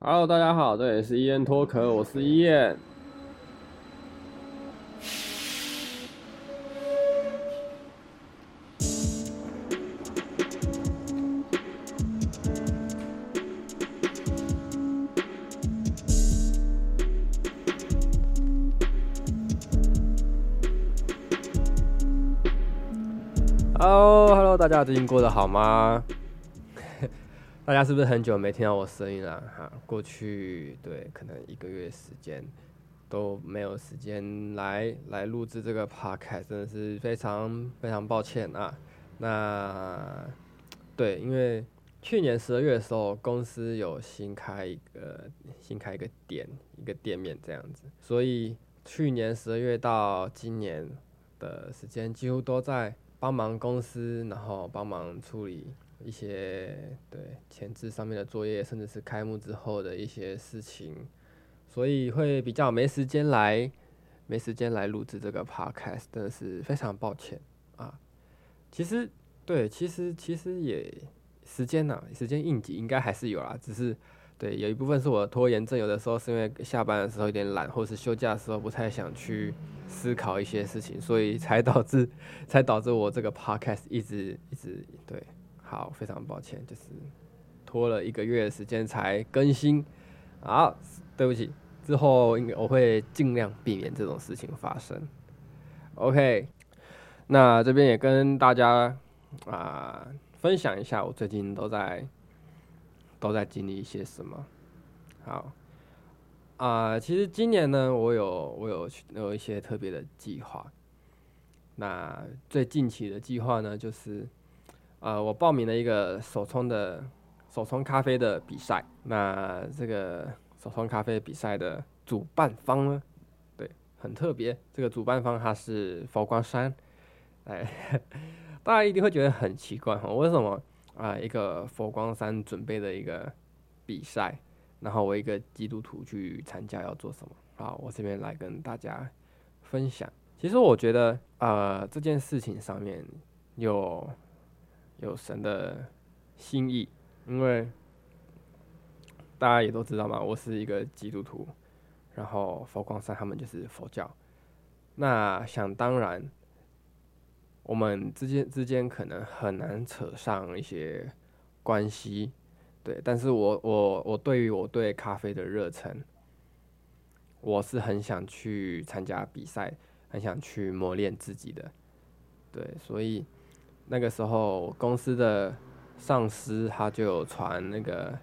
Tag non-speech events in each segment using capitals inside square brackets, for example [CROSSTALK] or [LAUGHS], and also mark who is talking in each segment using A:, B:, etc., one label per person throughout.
A: 哈嘍大家好，這裡是依然脫殼，我是依然。哈嘍哈嘍，大家最近過得好嗎？大家是不是很久沒聽到我聲音了、啊、哈、啊？過去對，可能一個月時間都沒有時間來來錄製這個 podcast 真的是非常非常抱歉啊。那對，因為去年十二月的時候，公司有新開一個新開一個店一個店面這樣子，所以去年十二月到今年的時間，幾乎都在幫忙公司，然後幫忙處理。一些對前置上面的作業，甚至是開幕之後的一些事情，所以會比較沒時間來，沒時間來錄製這個 podcast，真的是非常抱歉啊。其實對，其實其實也時間吶、啊，時間應急應該還是有啦。只是對，有一部分是我拖延症，有的時候是因為下班的時候有點懶，或是休假的時候不太想去思考一些事情，所以才導致才導致我這個 podcast 一直一直對。好，非常抱歉，就是拖了一個月的時間才更新。啊，對不起，之後應該我會盡量避免這種事情發生。OK，那這邊也跟大家啊、呃、分享一下我最近都在都在經歷一些什麼。好，啊、呃，其實今年呢，我有我有我有一些特別的計劃。那最近期的計劃呢，就是。呃，我報名了一個手沖的、手沖咖啡的比賽。那這個手沖咖啡比賽的主辦方呢，對，很特別。這個主辦方他是佛光山，哎，呵呵大家一定會覺得很奇怪，哦、為什麼啊、呃？一個佛光山準備的一個比賽，然後我一個基督徒去參加，要做什麼？好，我這邊來跟大家分享。其實我覺得，呃，這件事情上面有。有神的心意，因為大家也都知道嘛，我是一個基督徒，然後佛光山他們就是佛教，那想當然，我們之間之間可能很難扯上一些關係，對，但是我我我對於我對咖啡的熱忱，我是很想去參加比賽，很想去磨練自己的，對，所以。那個時候，公司的上司他就有傳那個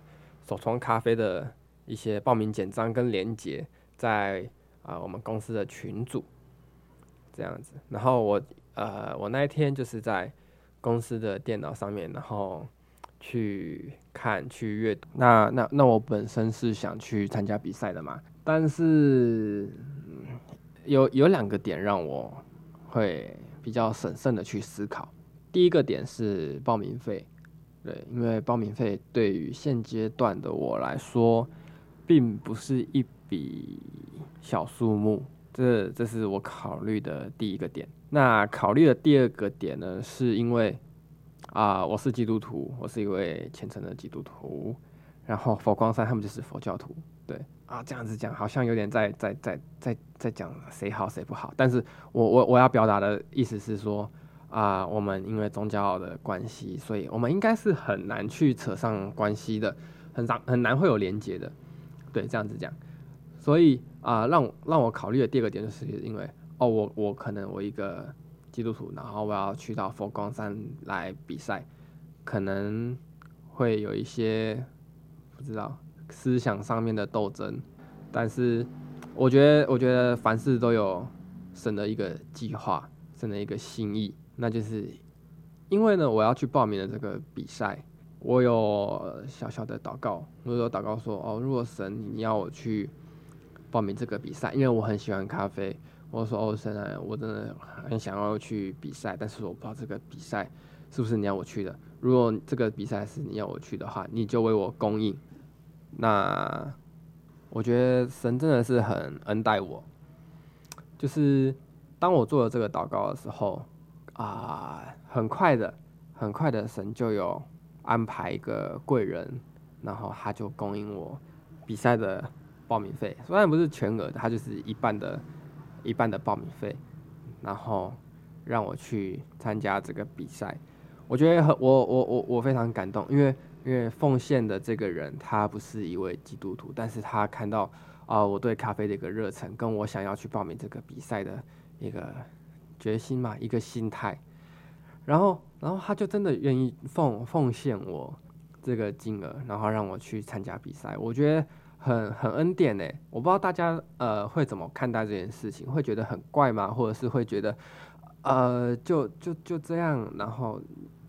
A: 手沖咖啡的一些報名簡章跟鏈接在啊、呃、我們公司的群組這樣子。然後我呃我那一天就是在公司的電腦上面，然後去看去閱讀。那那那我本身是想去參加比賽的嘛，但是有有兩個點讓我會比較審慎的去思考。第一個點是報名費，對，因為報名費對於現階段的我來說，並不是一筆小數目，這這是我考慮的第一個點。那考慮的第二個點呢，是因為啊、呃，我是基督徒，我是一位虔誠的基督徒，然後佛光山他們就是佛教徒，對啊，這樣子講好像有點在在在在在講誰好誰不好，但是我我我要表達的意思是說，啊、呃，我們因為宗教的關係，所以我們應該是很難去扯上關係的，很難很難會有連接的。對，這樣子講，所以啊、呃，讓讓我考慮的第二個點就是，因為哦，我我可能我一個基督徒，然後我要去到佛光山來比賽，可能會有一些不知道思想上面的鬥爭，但是我覺得我覺得凡事都有神的一個計劃，神的一個心意。那就是因為呢，我要去報名的這個比賽，我有小小的禱告，我有禱告說：“哦，如果神，你要我去報名這個比賽，因為我很喜歡咖啡，我說，哦，神啊，我真的很想要去比賽，但是我不知道這個比賽是不是你要我去的。如果這個比賽是你要我去的話，你就為我供應。”那我覺得神真的是很恩待我，就是當我做了這個禱告的時候。啊、uh，很快的，很快的，神就有安排一個貴人，然後他就供應我比賽的報名費，雖然不是全額的，他就是一半的，一半的報名費，然後讓我去參加這個比賽。我覺得很，我我我我非常感動，因為因為奉獻的這個人，他不是一位基督徒，但是他看到啊、uh, 我對咖啡的一個熱忱，跟我想要去報名這個比賽的一個決心嘛，一個心態，然後，然後他就真的願意奉奉獻我這個金額，然後讓我去參加比賽。我覺得很很恩典呢。我不知道大家呃會怎麼看待這件事情，會覺得很怪嗎？或者是會覺得呃就就就這樣，然後，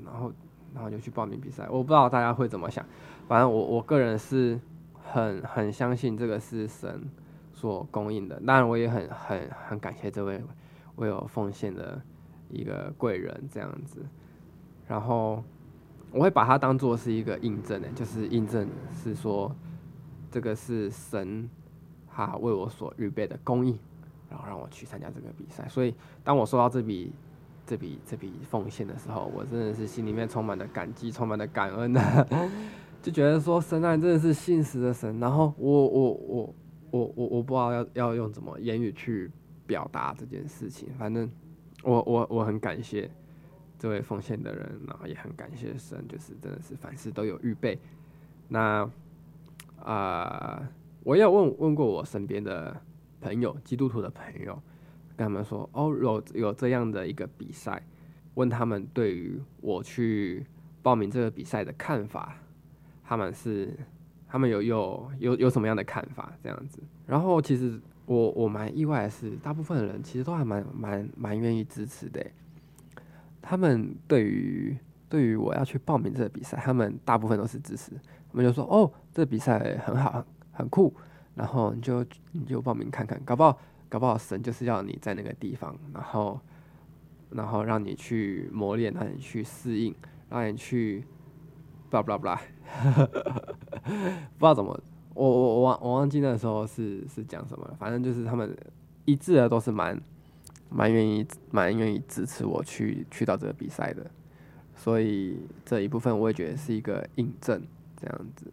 A: 然後，然後就去報名比賽。我不知道大家會怎麼想？反正我我個人是很很相信這個是神所供應的，當然我也很很很感謝這位。為我奉獻的一個貴人這樣子，然後我會把它當做是一個印證的，就是印證是說這個是神他為我所預備的供應，然後讓我去參加這個比賽。所以當我收到這筆這筆這筆奉獻的時候，我真的是心裡面充滿了感激，充滿了感恩吶、啊，就覺得說神啊，真的是信實的神。然後我我我我我我不知道要要用怎麼言語去。表達這件事情，反正我我我很感謝這位奉獻的人，然後也很感謝神，就是真的是凡事都有預備。那啊、呃，我也有問問過我身邊的朋友，基督徒的朋友，跟他們說哦，有有這樣的一個比賽，問他們對於我去報名這個比賽的看法，他們是他們有有有有什麼樣的看法這樣子，然後其實。我我蠻意外的是，大部分人其實都還蠻蠻蠻願意支持的欸。他們對於對於我要去報名這個比賽，他們大部分都是支持。他們就說，哦，這個比賽很好，很酷，然後你就你就報名看看，搞不好搞不好神就是要你在那個地方，然後然後讓你去磨練，讓你去適應，讓你去，blah blah blah [LAUGHS] 不知道怎麼。我我我忘我忘記那時候是是講什麼了，反正就是他們一致的都是蠻蠻願意蠻願意支持我去去到這個比賽的，所以這一部分我也覺得是一個印證，這樣子，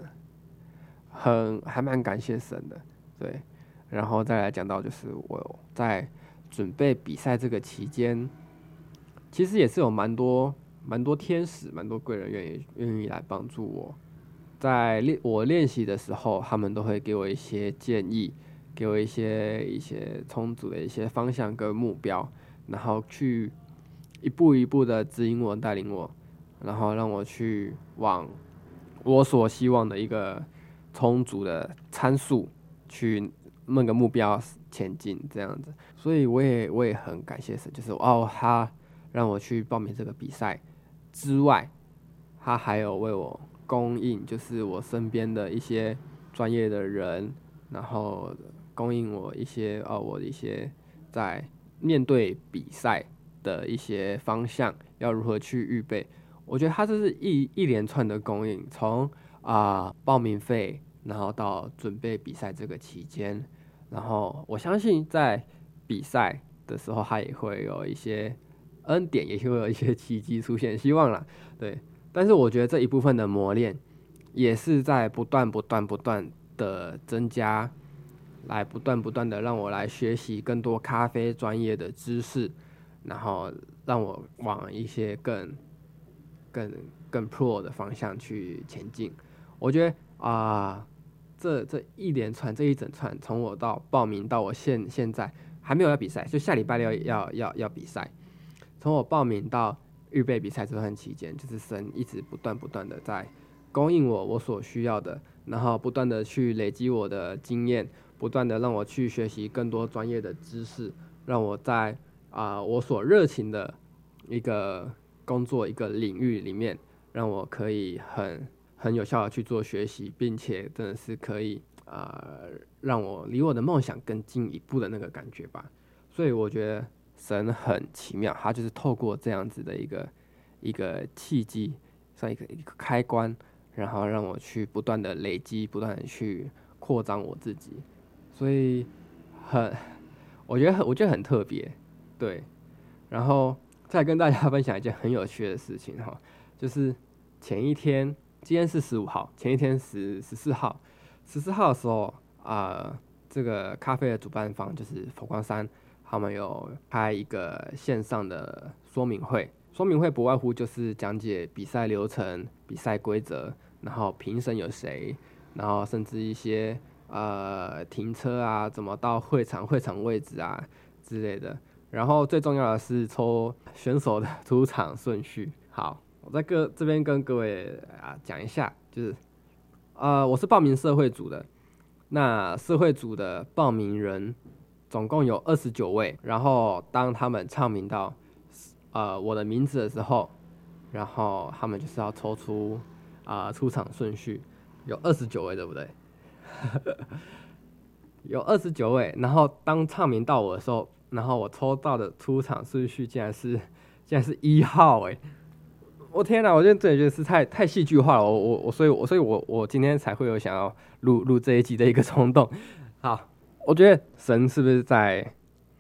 A: 很還蠻感謝神的，對，然後再來講到就是我在準備比賽這個期間，其實也是有蠻多蠻多天使蠻多貴人願意願意來幫助我。在練我練習的時候，他們都會給我一些建議，給我一些一些沖煮的一些方向跟目標，然後去一步一步的指引我、帶領我，然後讓我去往我所希望的一個沖煮的參數去那個目標前進這樣子。所以我也我也很感謝神，就是哦，他讓我去報名這個比賽之外，他還有為我。供應就是我身邊的一些專業的人，然後供應我一些哦、啊，我一些在面對比賽的一些方向要如何去預備。我覺得它這是一一連串的供應，從啊、呃、報名費，然後到準備比賽這個期間，然後我相信在比賽的時候，它也會有一些恩典，也會有一些奇蹟出現，希望啦，對。但是我覺得這一部分的磨練，也是在不斷、不斷、不斷的增加，來不斷、不斷的讓我來學習更多咖啡專業的知識，然後讓我往一些更、更、更 pro 的方向去前進。我覺得啊、呃，這這一連串、這一整串，從我到報名到我現現在還沒有要比賽，就下禮拜六要要要要比賽，從我報名到。預備比賽這段期間，就是神一直不斷不斷的在供應我我所需要的，然後不斷的去累積我的經驗，不斷的讓我去學習更多專業的知識，讓我在啊、呃、我所熱情的一個工作一個領域裡面，讓我可以很很有效的去做學習，並且真的是可以啊、呃、讓我離我的夢想更進一步的那個感覺吧，所以我覺得，神很奇妙，他就是透過這樣子的一個一個契機，像一個一個開關，然後讓我去不斷的累積，不斷的去擴張我自己，所以很我覺得很我覺得很特別，對。然後再跟大家分享一件很有趣的事情哈，就是前一天，今天是十五號，前一天十十四號，十四號的時候啊、呃，這個咖啡的主辦方就是佛光山。他們有開一個線上的說明會，說明會不外乎就是講解比賽流程、比賽規則，然後評審有誰，然後甚至一些呃停車啊，怎麼到會場、會場位置啊之類的。然後最重要的是抽選手的出場順序。好，我在各這邊跟各位啊、呃、講一下，就是啊、呃，我是報名社會組的，那社會組的報名人，總共有二十九位，然後當他們唱名到，呃，我的名字的時候，然後他們就是要抽出啊、呃、出場順序，有二十九位，對不對？ [LAUGHS] 有二十九位，然後當唱名到我的時候，然後我抽到的出場順序竟然是，竟然是一號哎、欸！我、oh, 天哪！我覺得這真的是太太戲劇化了，我我我，所以我所以我我今天才會有想要錄錄這一集的一個衝動，好。我覺得神是不是在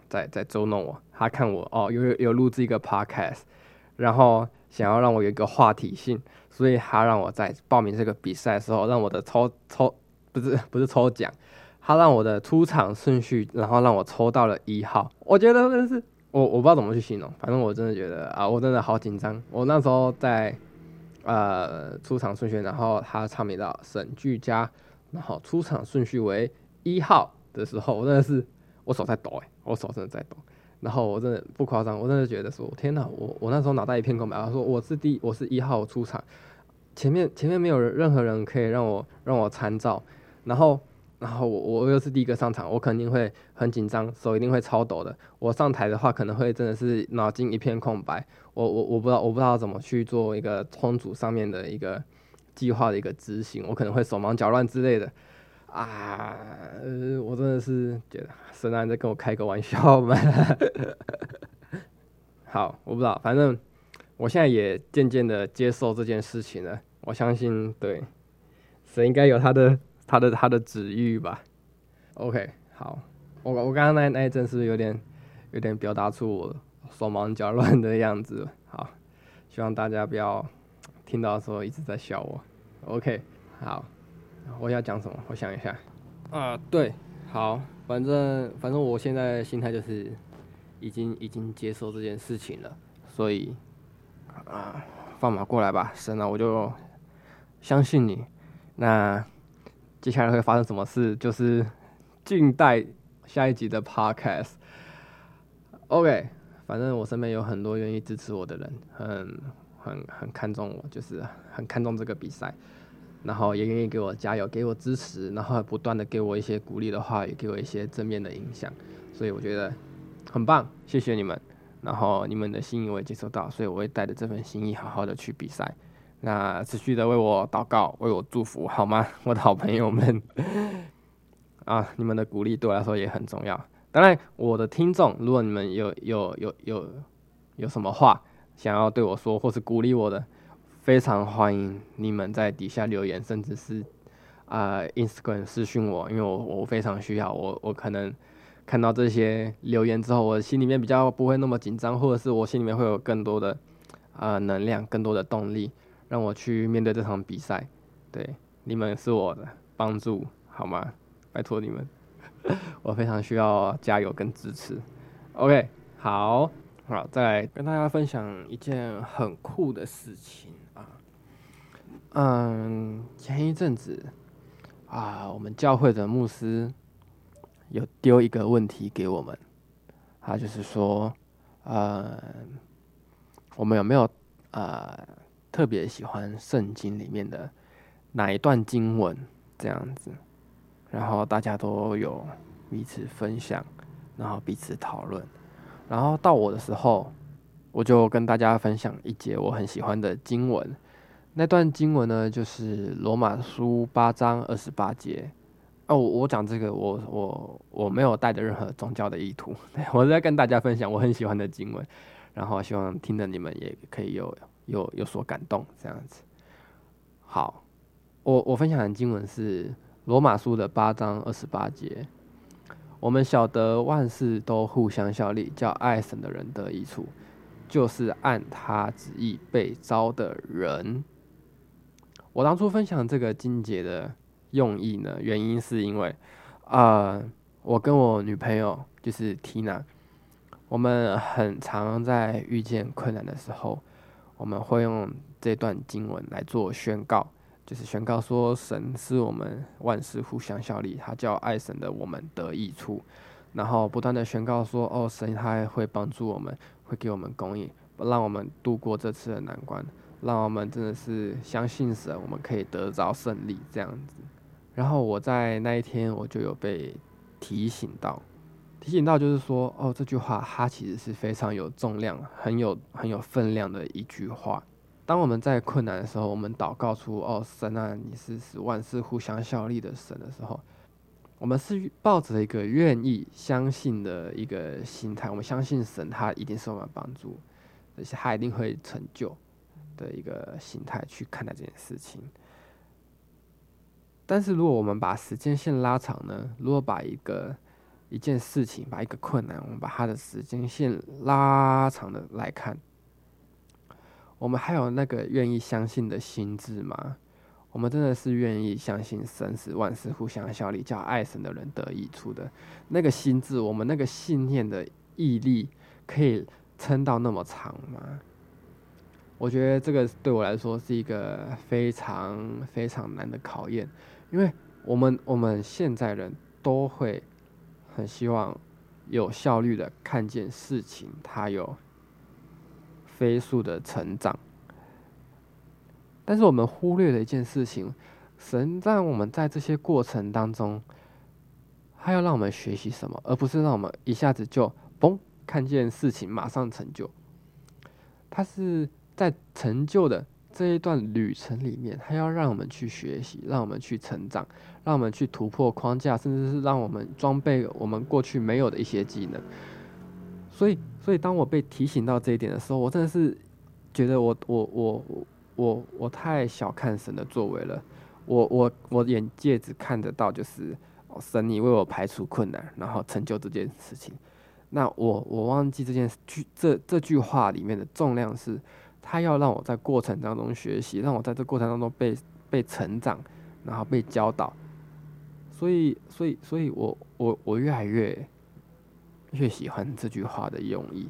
A: 在在捉弄我？他看我哦，有有有錄製一個 podcast，然後想要讓我有一個話題性，所以他讓我在報名這個比賽的時候，讓我的抽抽不是不是抽獎，他讓我的出場順序，然後讓我抽到了一號。我覺得真的是我我不知道怎麼去形容，反正我真的覺得啊，我真的好緊張。我那時候在呃出場順序，然後他唱名到沈琚佳，然後出場順序為一號。的時候，我真的是我手在抖、欸、我手真的在抖。然後我真的不誇張，我真的覺得說，天哪，我我那時候腦袋一片空白。他、啊、說我是第，我是一號出場，前面前面沒有人任何人可以讓我讓我參照。然後，然後我我又是第一個上場，我肯定會很緊張，手一定會超抖的。我上台的話，可能會真的是腦筋一片空白。我我我不知道我不知道怎麼去做一個沖煮上面的一個計劃的一個執行，我可能會手忙腳亂之類的。啊、呃，我真的是覺得神啊在跟我開個玩笑吧。 [LAUGHS] 好，我不知道，反正我現在也漸漸的接受這件事情了。我相信，對，神應該有他的他的他的旨意吧。OK，好，我我剛剛那那一陣是不是有點有點表達出我手忙腳亂的樣子？好，希望大家不要聽到的時候一直在笑我。OK，好。我要講什麼？我想一下，啊，對，好，反正反正我現在心態就是已經已經接受這件事情了，所以啊，放馬過來吧，神啊，我就相信你。那接下來會發生什麼事？就是靜待下一集的 podcast。OK，反正我身邊有很多願意支持我的人，很很很看重我，就是很看重這個比賽。然後也願意給我加油，給我支持，然後不斷的給我一些鼓勵的話語，也給我一些正面的影響，所以我覺得很棒，謝謝你們。然後你們的心意我也接受到，所以我會帶着這份心意好好的去比賽。那持續的為我禱告，為我祝福，好嗎？我的好朋友們。 [LAUGHS] 啊，你們的鼓勵對我來說也很重要。當然，我的聽眾，如果你們有有有有有什麼話想要對我說，或是鼓勵我的。非常歡迎你們在底下留言，甚至是啊，呃，Instagram 私訊我，因為我我非常需要。我我可能看到這些留言之後，我心裡面比較不會那麼緊張，或者是我心裡面會有更多的啊，呃，能量，更多的動力，讓我去面對這場比賽。對，你們是我的幫助，好嗎？拜託你們， [LAUGHS] 我非常需要加油跟支持。OK，好，好，再來跟大家分享一件很酷的事情。嗯，前一陣子啊，我們教會的牧師有丟一個問題給我們，他就是說，呃、嗯，我們有沒有呃特別喜歡聖經裡面的哪一段經文這樣子？然後大家都有彼此分享，然後彼此討論。然後到我的時候，我就跟大家分享一節我很喜歡的經文。那段經文呢，就是羅馬書八章二十八節。哦、啊，我講這個，我我我沒有帶着任何宗教的意圖，我在跟大家分享我很喜歡的經文，然後希望聽着你們也可以有有有，有所感動這樣子。好，我我分享的經文是羅馬書的八章二十八節。我們曉得萬事都互相效力，叫愛神的人得益處，就是按他旨意被召的人。我當初分享這個經節的用意呢，原因是因為，呃，我跟我女朋友就是 Tina，我們很常在遇見困難的時候，我們會用這段經文來做宣告，就是宣告說神是我們萬事互相效力，他叫愛神的我們得益處，然後不斷的宣告說，哦，神他還會幫助我們，會給我們供應，讓我們度過這次的難關。讓我們真的是相信神，我們可以得着勝利這樣子。然後我在那一天，我就有被提醒到，提醒到就是說，哦，這句話它其實是非常有重量、很有很有分量的一句話。當我們在困難的時候，我們禱告出“哦，神啊，你是萬事互相效力的神”的時候，我們是抱着一個願意相信的一個心態，我們相信神，他一定是我們的幫助，而且他一定會成就。的一個心態去看待這件事情，但是如果我們把時間線拉長呢？如果把一個一件事情，把一個困難，我們把它的時間線拉長的來看，我們還有那個願意相信的心智嗎？我們真的是願意相信神使萬事互相效力，叫愛神的人得益處的那個心智，我們那個信念的毅力，可以撐到那麼長嗎？我覺得這個對我來說是一個非常非常難的考驗，因為我們我們現在人都會很希望有效率的看見事情，它有飛速的成長。但是我們忽略了一件事情：神讓我們在這些過程當中，他要讓我們學習什麼，而不是讓我們一下子就嘣，看見事情馬上成就。他是。在成就的這一段旅程裡面，他要讓我們去學習，讓我們去成長，讓我們去突破框架，甚至是讓我們裝備我們過去沒有的一些技能。所以，所以當我被提醒到這一點的時候，我真的是覺得我我我我我，我太小看神的作為了。我我我眼界只看得到就是神，你為我排除困難，然後成就這件事情。那我我忘記這件事。這這句話裡面的重量是。他要讓我在過程當中學習，讓我在這過程當中被被成長，然後被教導。所以，所以，所以我我我越來越越喜歡這句話的用意。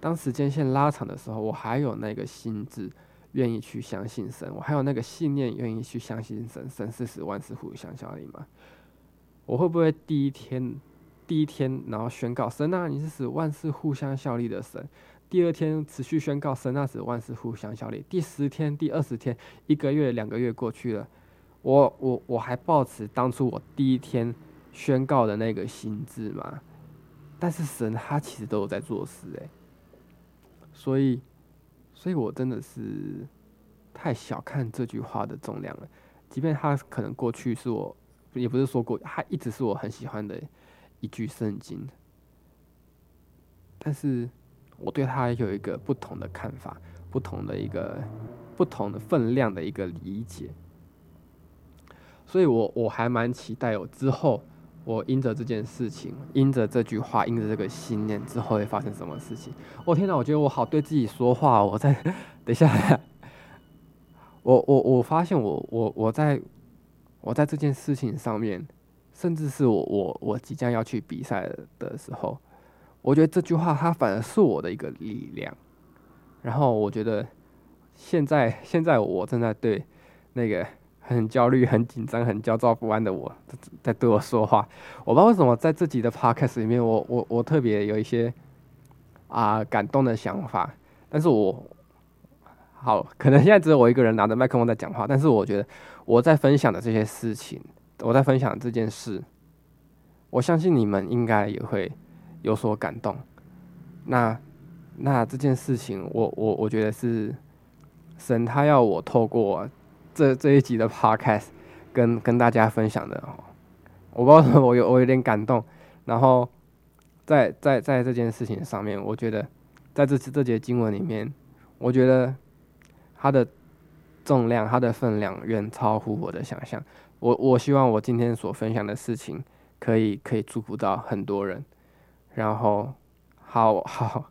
A: 當時間線拉長的時候，我還有那個心智願意去相信神，我還有那個信念願意去相信神。神是使萬事互相效力嗎？我會不會第一天第一天然後宣告神吶、啊？你是使萬事互相效力的神？第二天持續宣告神那時萬事互相效力。第十天、第二十天，一個月、兩個月過去了，我、我、我還抱持當初我第一天宣告的那個心智嘛，但是神他其實都有在做事哎，所以，所以我真的是太小看這句話的重量了。即便他可能過去是我，也不是說過，他一直是我很喜歡的一句聖經，但是。我對他有一個不同的看法，不同的一個不同的分量的一個理解，所以我我還蠻期待我之後我因着這件事情，因着這句話，因着這個信念，之後會發生什麼事情？我、哦、天吶，我覺得我好對自己說話。我在等一、等一下，我我我發現我我我在我在這件事情上面，甚至是我我我即將要去比賽的時候。我覺得這句話它反而是我的一個力量，然後我覺得現在現在我正在對那個很焦慮、很緊張、很焦躁不安的我在對我說話。我不知道為什麼在自己的 podcast 裡面我，我我我特別有一些啊、呃、感動的想法。但是我好可能現在只有我一個人拿着麥克風在講話，但是我覺得我在分享的這些事情，我在分享的這件事，我相信你們應該也會。有所感動，那那這件事情我，我我我覺得是神，他要我透過這這一集的 podcast 跟跟大家分享的哦。我不知道我有我有點感動，然後在在在，在這件事情上面，我覺得在這這節經文裡面，我覺得它的重量、它的分量遠超乎我的想象。我我希望我今天所分享的事情，可以可以祝福到很多人。然後，好好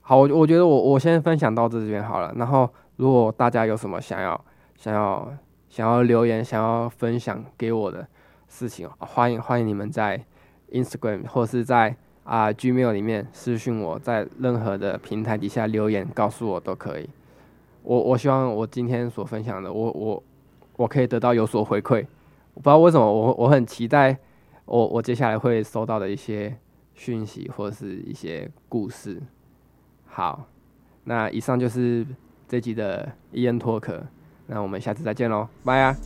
A: 好，我我覺得我我先分享到這邊好了。然後，如果大家有什麼想要想要想要留言、想要分享給我的事情，歡迎歡迎你們在 Instagram 或是在啊、呃、Gmail 裡面私訊我，在任何的平台底下留言告訴我都可以。我我希望我今天所分享的我，我我我可以得到有所回饋。我不知道為什麼，我我很期待我我接下來會收到的一些。訊息或是一些故事，好，那以上就是這集的伊恩托克。那我們下次再見嘍，拜啊！